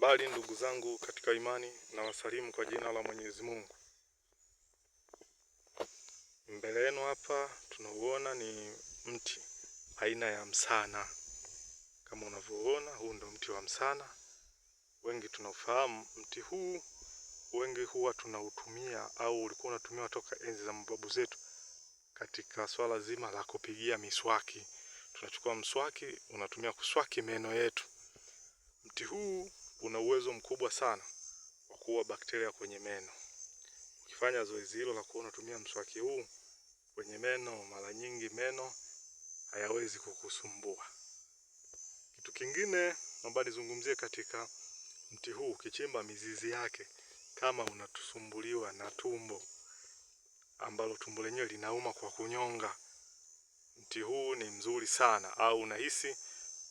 Habari ndugu zangu katika imani, na wasalimu kwa jina la Mwenyezi Mungu. Mbele yenu hapa tunauona ni mti aina ya msana. Kama unavyoona, huu ndio mti wa msana, wengi tunaufahamu mti huu, wengi huwa tunautumia au ulikuwa unatumiwa toka enzi za mababu zetu katika swala zima la kupigia miswaki. Tunachukua mswaki, unatumia kuswaki meno yetu uwezo mkubwa sana wa kuua bakteria kwenye meno. Ukifanya zoezi hilo la kuwa unatumia mswaki huu kwenye meno, mara nyingi meno hayawezi kukusumbua. Kitu kingine naomba nizungumzie katika mti huu, ukichimba mizizi yake, kama unatusumbuliwa na tumbo ambalo tumbo lenyewe linauma kwa kunyonga, mti huu ni mzuri sana. Au unahisi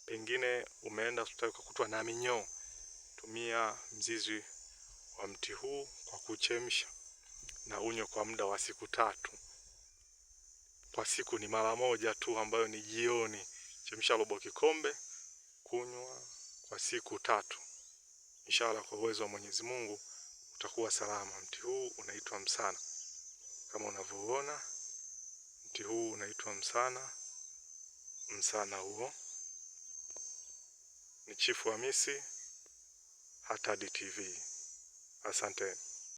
pengine umeenda hospitali ukakutwa na minyoo Tumia mzizi wa mti huu kwa kuchemsha na unywe kwa muda wa siku tatu. Kwa siku ni mara moja tu ambayo ni jioni. Chemsha robo kikombe, kunywa kwa siku tatu. Inshallah, kwa uwezo wa Mwenyezi Mungu utakuwa salama. Mti huu unaitwa msana, kama unavyoona, mti huu unaitwa msana. Msana huo ni Chifu Hamisi. Hatad TV. Asante.